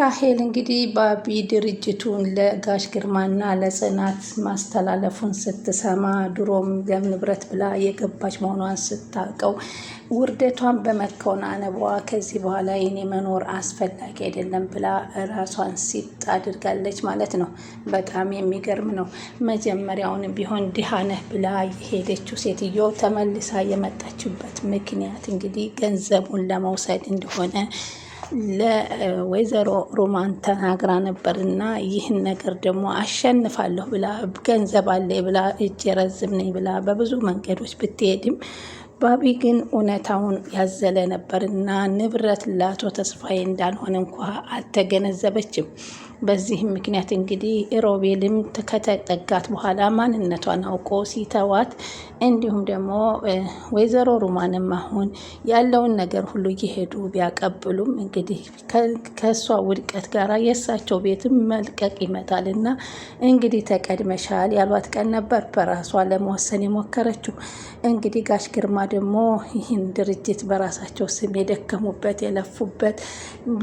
ራሄል እንግዲህ ባቢ ድርጅቱን ለጋሽ ግርማና ለጽናት ማስተላለፉን ስትሰማ ድሮም ለንብረት ብላ የገባች መሆኗን ስታውቀው ውርደቷን በመከናነቧ ከዚህ በኋላ የኔ መኖር አስፈላጊ አይደለም ብላ ራሷን ሲጥ አድርጋለች ማለት ነው። በጣም የሚገርም ነው። መጀመሪያውንም ቢሆን ድሃ ነህ ብላ የሄደችው ሴትዮ ተመልሳ የመጣችበት ምክንያት እንግዲህ ገንዘቡን ለመውሰድ እንደሆነ ለወይዘሮ ሮማን ተናግራ ነበር እና ይህን ነገር ደግሞ አሸንፋለሁ ብላ ገንዘብ አለ ብላ እጅ ረዝም ነኝ ብላ በብዙ መንገዶች ብትሄድም ባቢ ግን እውነታውን ያዘለ ነበር እና ንብረት ላቶ ተስፋዬ እንዳልሆነ እንኳ አልተገነዘበችም። በዚህም ምክንያት እንግዲህ ሮቤልም ከተጠጋት በኋላ ማንነቷን አውቆ ሲተዋት፣ እንዲሁም ደግሞ ወይዘሮ ሩማንም አሁን ያለውን ነገር ሁሉ እየሄዱ ቢያቀብሉም እንግዲህ ከእሷ ውድቀት ጋር የእሳቸው ቤትም መልቀቅ ይመጣል እና እንግዲህ ተቀድመሻል ያሏት ቀን ነበር በራሷ ለመወሰን የሞከረችው። እንግዲህ ጋሽ ግርማ ደግሞ ይህን ድርጅት በራሳቸው ስም የደከሙበት የለፉበት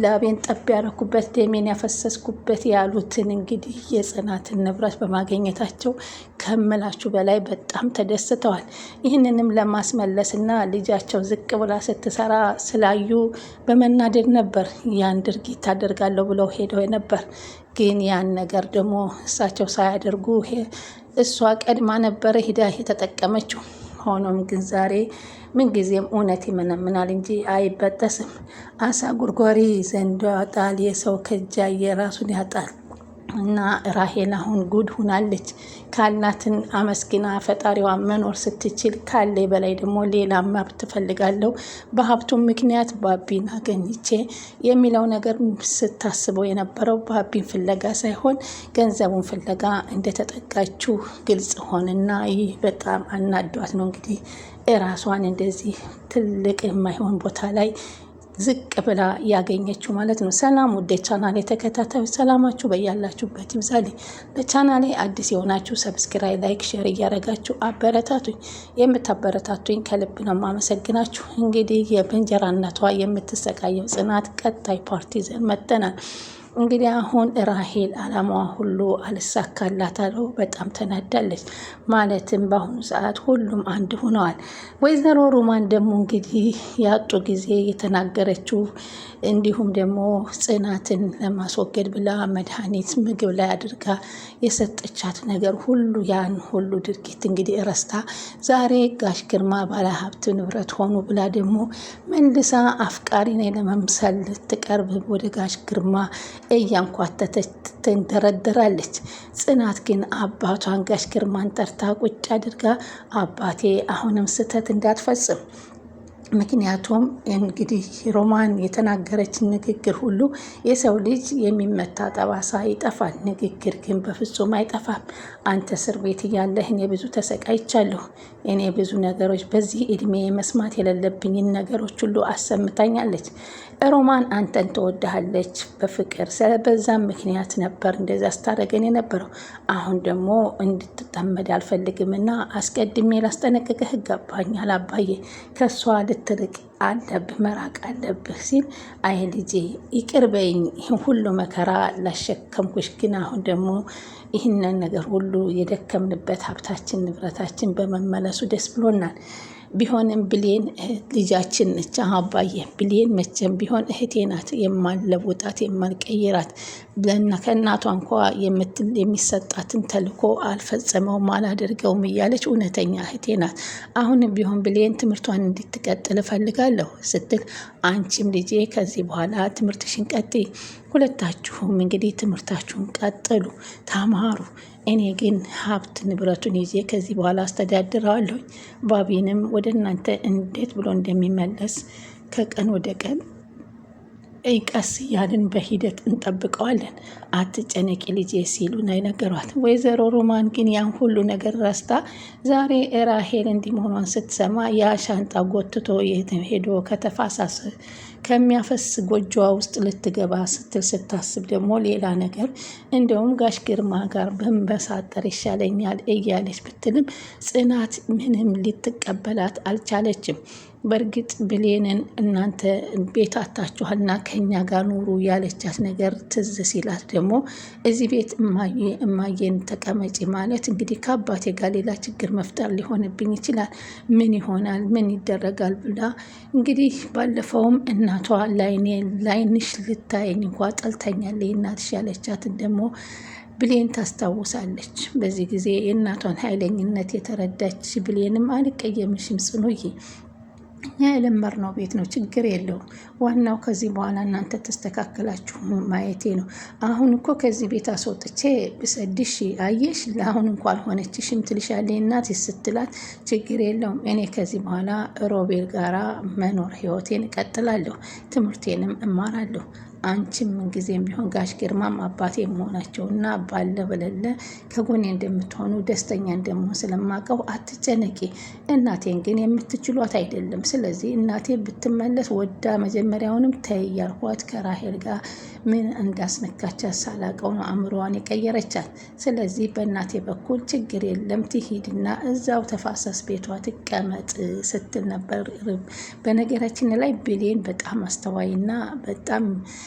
ላቤን ጠብ ያረኩበት ደሜን ያፈሰስኩበት አለበት ያሉትን እንግዲህ የጽናትን ንብረት በማገኘታቸው ከምላችሁ በላይ በጣም ተደስተዋል። ይህንንም ለማስመለስና ልጃቸው ዝቅ ብላ ስትሰራ ስላዩ በመናደድ ነበር ያን ድርጊት ታደርጋለሁ ብለው ሄደው ነበር። ግን ያን ነገር ደግሞ እሳቸው ሳያደርጉ እሷ ቀድማ ነበረ ሂዳ የተጠቀመችው። ሆኖም ግን ዛሬ ምንጊዜም እውነት ይመነምናል እንጂ አይበጠስም። አሳ ጉርጓሪ ዘንዶ ያጣል፣ የሰው ከጃ የራሱን ያጣል። እና ራሄል አሁን ጉድ ሁናለች። ካላትን አመስግና ፈጣሪዋ መኖር ስትችል ካለ በላይ ደግሞ ሌላ መብት ፈልጋለሁ በሀብቱም ምክንያት ባቢን አገኝቼ የሚለው ነገር ስታስበው የነበረው ባቢን ፍለጋ ሳይሆን ገንዘቡን ፍለጋ እንደተጠቃችሁ ግልጽ ሆንና ይህ በጣም አናዷት ነው እንግዲህ እራሷን እንደዚህ ትልቅ የማይሆን ቦታ ላይ ዝቅ ብላ ያገኘችው ማለት ነው። ሰላም ውድ ቻናሌ ተከታታዮች ሰላማችሁ በያላችሁበት ይብዛል። ለቻናሌ አዲስ የሆናችሁ ሰብስክራይ፣ ላይክ፣ ሼር እያደረጋችሁ አበረታቱኝ። የምታበረታቱኝ ከልብ ነው የማመሰግናችሁ። እንግዲህ የእንጀራ እናቷ የምትሰቃየው ጽናት ቀጣይ ፓርቲ ይዘን መጥተናል። እንግዲህ አሁን ራሄል አላማዋ ሁሉ አልሳካላት አለው። በጣም ተናዳለች። ማለትም በአሁኑ ሰዓት ሁሉም አንድ ሆነዋል። ወይዘሮ ሩማን ደግሞ እንግዲህ ያጡ ጊዜ የተናገረችው እንዲሁም ደግሞ ጽናትን ለማስወገድ ብላ መድኃኒት ምግብ ላይ አድርጋ የሰጠቻት ነገር ሁሉ ያን ሁሉ ድርጊት እንግዲህ ረስታ ዛሬ ጋሽ ግርማ ባለሀብት ንብረት ሆኑ ብላ ደግሞ መልሳ አፍቃሪ ነኝ ለመምሰል ልትቀርብ ወደ ጋሽ ግርማ እያንኳተተች ትንደረደራለች። ጽናት ግን አባቷን ጋሽ ግርማን ጠርታ ቁጭ አድርጋ አባቴ አሁንም ስህተት እንዳትፈጽም ምክንያቱም እንግዲህ ሮማን የተናገረች ንግግር ሁሉ የሰው ልጅ የሚመታ ጠባሳ ይጠፋል፣ ንግግር ግን በፍጹም አይጠፋም። አንተ እስር ቤት እያለህ እኔ ብዙ ተሰቃይቻለሁ። እኔ ብዙ ነገሮች በዚህ እድሜ መስማት የሌለብኝን ነገሮች ሁሉ አሰምታኛለች። ሮማን አንተን ትወድሃለች በፍቅር ስለበዛም ምክንያት ነበር እንደዚ አስታረገን የነበረው። አሁን ደግሞ እንድትጠመድ አልፈልግምና አስቀድሜ ላስጠነቀቀህ ይገባኛል አባዬ፣ ከእሷ ልትርቅ አለብህ መራቅ አለብህ ሲል አይ ልጄ ይቅር በይኝ፣ ሁሉ መከራ ላሸከምኩሽ፣ ግን አሁን ደግሞ ይህንን ነገር ሁሉ የደከምንበት ሀብታችን ንብረታችን በመመለሱ ደስ ብሎናል። ቢሆንም ብሌን እህት ልጃችን ነች። አባዬ ብሌን መቼም ቢሆን እህቴ ናት የማልለውጣት የማልቀይራት ከእናቷ እንኳ የሚሰጣትን ተልኮ አልፈጸመውም አላደርገውም እያለች እውነተኛ እህቴ ናት። አሁንም ቢሆን ብሌን ትምህርቷን እንድትቀጥል እፈልጋለሁ ስትል አንቺም ልጄ ከዚህ በኋላ ትምህርትሽን ቀጥይ፣ ሁለታችሁም እንግዲህ ትምህርታችሁን ቀጥሉ፣ ተማሩ። እኔ ግን ሀብት ንብረቱን ይዤ ከዚህ በኋላ አስተዳድረዋለሁኝ። ባቢንም ወደ እናንተ እንዴት ብሎ እንደሚመለስ ከቀን ወደ ቀን ቀስ እያልን በሂደት እንጠብቀዋለን፣ አትጨነቂ ልጄ ሲሉ ነገሯት። ወይዘሮ ሮማን ግን ያን ሁሉ ነገር ረስታ ዛሬ ራሄል እንዲህ መሆኗን ስትሰማ ያ ሻንጣ ጎትቶ ሄዶ ከተፋሳሰ ከሚያፈስ ጎጆዋ ውስጥ ልትገባ ስትል ስታስብ ደግሞ ሌላ ነገር እንደውም ጋሽ ግርማ ጋር ብንበሳጠር ይሻለኛል እያለች ብትልም ጽናት ምንም ልትቀበላት አልቻለችም። በእርግጥ ብሌንን እናንተ ቤት አታችኋልና ከኛ ጋር ኑሩ ያለቻት ነገር ትዝ ሲላት ደግሞ እዚህ ቤት እማዬ እማዬን ተቀመጪ ማለት እንግዲህ ከአባቴ ጋር ሌላ ችግር መፍጠር ሊሆንብኝ ይችላል፣ ምን ይሆናል፣ ምን ይደረጋል ብላ እንግዲህ ባለፈውም እና እናቷ ላይንሽ ልታየኝ እንኳ ጠልታኛለች እናትሽ ያለቻትን ደግሞ ብሌን ታስታውሳለች። በዚህ ጊዜ የእናቷን ኃይለኝነት የተረዳች ብሌንም አልቀየምሽም ጽኑዬ ነው ቤት ነው፣ ችግር የለውም። ዋናው ከዚህ በኋላ እናንተ ተስተካከላችሁ ማየቴ ነው። አሁን እኮ ከዚህ ቤት አስወጥቼ ብሰድሽ አየሽ፣ ለአሁን እንኳ አልሆነችሽም ትልሻለች እናት ስትላት፣ ችግር የለውም እኔ ከዚህ በኋላ ሮቤል ጋራ መኖር ህይወቴን እቀጥላለሁ፣ ትምህርቴንም እማራለሁ አንቺ ምንጊዜም ቢሆን ጋሽ ግርማም አባቴ እና ባለ በለለ ከጎኔ እንደምትሆኑ ደስተኛ እንደምሆን ስለማቀው አትጨነቂ። እናቴን ግን የምትችሏት አይደለም። ስለዚህ እናቴ ብትመለስ ወዳ መጀመሪያውንም ተይ ያልኳት ከራሄል ጋር ምን እንዳስነካቻት ሳላቀው ነው አእምሮዋን የቀየረቻት። ስለዚህ በእናቴ በኩል ችግር የለም ትሂድና እዛው ተፋሰስ ቤቷ ትቀመጥ ስትል ነበር። በነገራችን ላይ ብሌን በጣም አስተዋይና በጣም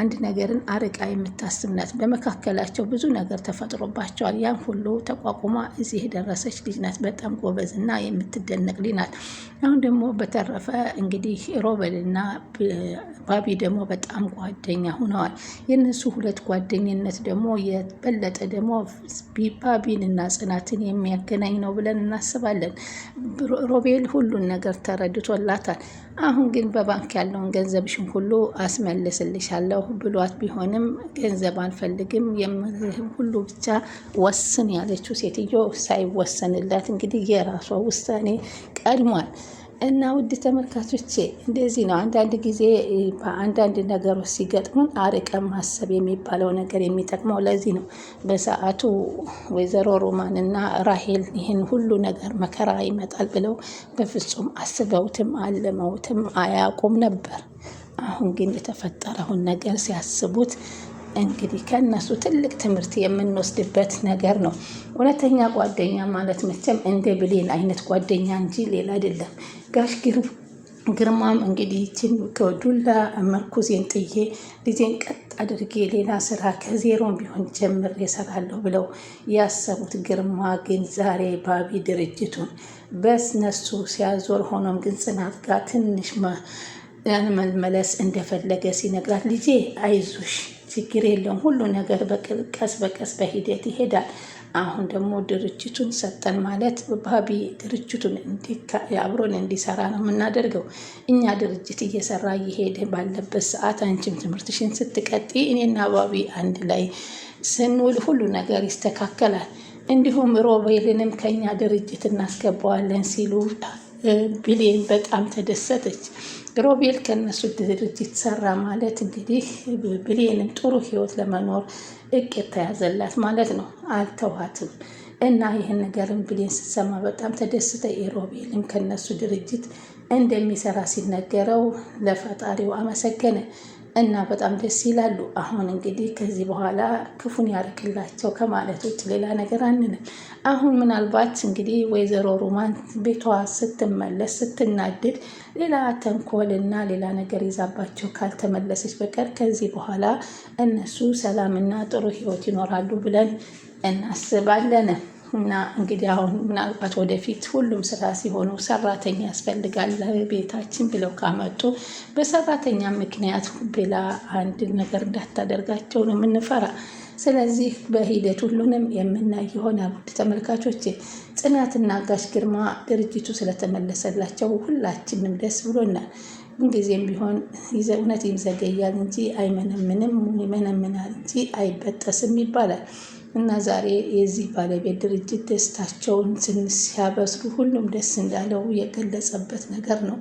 አንድ ነገርን አርቃ የምታስብ ናት። በመካከላቸው ብዙ ነገር ተፈጥሮባቸዋል። ያን ሁሉ ተቋቁማ እዚህ የደረሰች ልጅ ናት። በጣም ጎበዝ እና የምትደነቅ ልጅ ናት። አሁን ደግሞ በተረፈ እንግዲህ ሮበል እና ባቢ ደግሞ በጣም ጓደኛ ሆነዋል። የእነሱ ሁለት ጓደኝነት ደግሞ የበለጠ ደግሞ ባቢን እና ጽናትን የሚያገናኝ ነው ብለን እናስባለን። ሮቤል ሁሉን ነገር ተረድቶላታል። አሁን ግን በባንክ ያለውን ገንዘብሽን ሁሉ አስመልስል እመልስልሻለሁ ብሏት ቢሆንም ገንዘብ አልፈልግም የምልህም ሁሉ ብቻ ወስን ያለችው ሴትዮ ሳይወሰንላት እንግዲህ የራሷ ውሳኔ ቀድሟል። እና ውድ ተመልካቾቼ እንደዚህ ነው። አንዳንድ ጊዜ በአንዳንድ ነገሮች ሲገጥሙን አርቀ ማሰብ የሚባለው ነገር የሚጠቅመው ለዚህ ነው። በሰዓቱ ወይዘሮ እና ራሄል ይህን ሁሉ ነገር መከራ ይመጣል ብለው በፍጹም አስበውትም አልመውትም አያውቁም ነበር። አሁን ግን የተፈጠረውን ነገር ሲያስቡት እንግዲህ ከእነሱ ትልቅ ትምህርት የምንወስድበት ነገር ነው። እውነተኛ ጓደኛ ማለት መቼም እንደ ብሌን አይነት ጓደኛ እንጂ ሌላ አይደለም። ጋሽ ግርማም እንግዲህ ይችን ከዱላ መርኩዜን ጥዬ ልጄን ቀጥ አድርጌ ሌላ ስራ ከዜሮም ቢሆን ጀምር የሰራለሁ ብለው ያሰቡት ግርማ ግን ዛሬ ባቢ ድርጅቱን በስነሱ ሲያዞር ሆኖም ግን ጽናት ጋር ትንሽ ለመመለስ እንደፈለገ ሲነግራት ልጄ አይዞሽ ችግር የለውም ሁሉ ነገር ቀስ በቀስ በሂደት ይሄዳል። አሁን ደግሞ ድርጅቱን ሰጠን ማለት ባቢ ድርጅቱን አብሮን እንዲሰራ ነው የምናደርገው። እኛ ድርጅት እየሰራ እየሄደ ባለበት ሰዓት አንቺም ትምህርትሽን ስትቀጢ እኔና ባቢ አንድ ላይ ስንውል ሁሉ ነገር ይስተካከላል። እንዲሁም ሮቤልንም ከኛ ድርጅት እናስገባዋለን ሲሉ ቢሌን በጣም ተደሰተች። ሮቤል ከነሱ ድርጅት ሰራ ማለት እንግዲህ ብሌንም ጥሩ ህይወት ለመኖር እቅድ ተያዘላት ማለት ነው። አልተዋትም እና ይህን ነገርም ብሌን ስትሰማ በጣም ተደስተ የሮቤልም ከነሱ ድርጅት እንደሚሰራ ሲነገረው ለፈጣሪው አመሰገነ። እና በጣም ደስ ይላሉ። አሁን እንግዲህ ከዚህ በኋላ ክፉን ያርክላቸው ከማለት ውጭ ሌላ ነገር አንልም። አሁን ምናልባት እንግዲህ ወይዘሮ ሩማን ቤቷ ስትመለስ ስትናድድ ሌላ ተንኮል እና ሌላ ነገር ይዛባቸው ካልተመለሰች በቀር ከዚህ በኋላ እነሱ ሰላምና ጥሩ ሕይወት ይኖራሉ ብለን እናስባለን። እና እንግዲህ አሁን ምናልባት ወደፊት ሁሉም ስራ ሲሆኑ ሰራተኛ ያስፈልጋል ቤታችን ብለው ካመጡ በሰራተኛ ምክንያት ብላ አንድ ነገር እንዳታደርጋቸው ነው የምንፈራ። ስለዚህ በሂደት ሁሉንም የምናይ የሆነ ውድ ተመልካቾች፣ ጽናትና ጋሽ ግርማ ድርጅቱ ስለተመለሰላቸው ሁላችንም ደስ ብሎናል። ምንጊዜም ቢሆን እውነት ይዘገያል እንጂ አይመነምንም፣ ይመነምናል እንጂ አይበጠስም ይባላል። እና ዛሬ የዚህ ባለቤት ድርጅት ደስታቸውን ሲያበስሩ ሁሉም ደስ እንዳለው የገለጸበት ነገር ነው።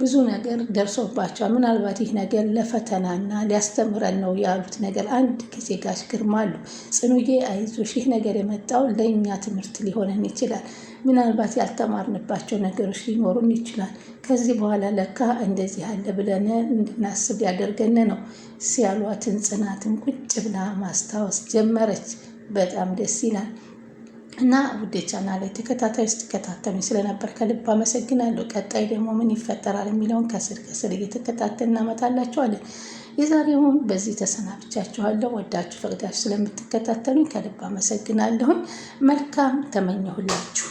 ብዙ ነገር ደርሶባቸዋል። ምናልባት ይህ ነገር ለፈተናና ሊያስተምረን ነው ያሉት ነገር አንድ ጊዜ ጋሽ ግርማ አሉ። ጽኑዬ አይዞሽ፣ ይህ ነገር የመጣው ለእኛ ትምህርት ሊሆነን ይችላል። ምናልባት ያልተማርንባቸው ነገሮች ሊኖሩን ይችላል። ከዚህ በኋላ ለካ እንደዚህ አለ ብለን እንድናስብ ያደርገን ነው ሲያሏትን ጽናትን ቁጭ ብላ ማስታወስ ጀመረች። በጣም ደስ ይላል። እና ውዴ ቻናሌ ተከታታይ ስትከታተሉ ስለነበር ከልብ አመሰግናለሁ። ቀጣይ ደግሞ ምን ይፈጠራል የሚለውን ከስር ከስር እየተከታተል እናመጣላችኋለን። የዛሬውን በዚህ ተሰናብቻችኋለሁ። ወዳችሁ ፈቅዳችሁ ስለምትከታተሉኝ ከልብ አመሰግናለሁኝ። መልካም ተመኘሁላችሁ።